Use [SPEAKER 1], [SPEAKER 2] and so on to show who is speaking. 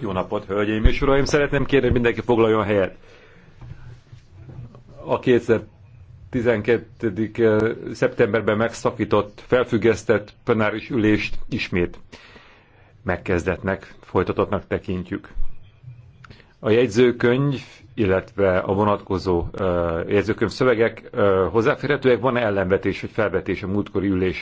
[SPEAKER 1] Jó napot, hölgyeim és uraim! Szeretném kérni, hogy mindenki foglaljon helyet. A 2012. szeptemberben megszakított, felfüggesztett plenáris ülést ismét megkezdetnek, folytatottnak tekintjük. A jegyzőkönyv, illetve a vonatkozó eh, jegyzőkönyv szövegek eh, hozzáférhetőek, van -e ellenvetés vagy felvetés a múltkori ülés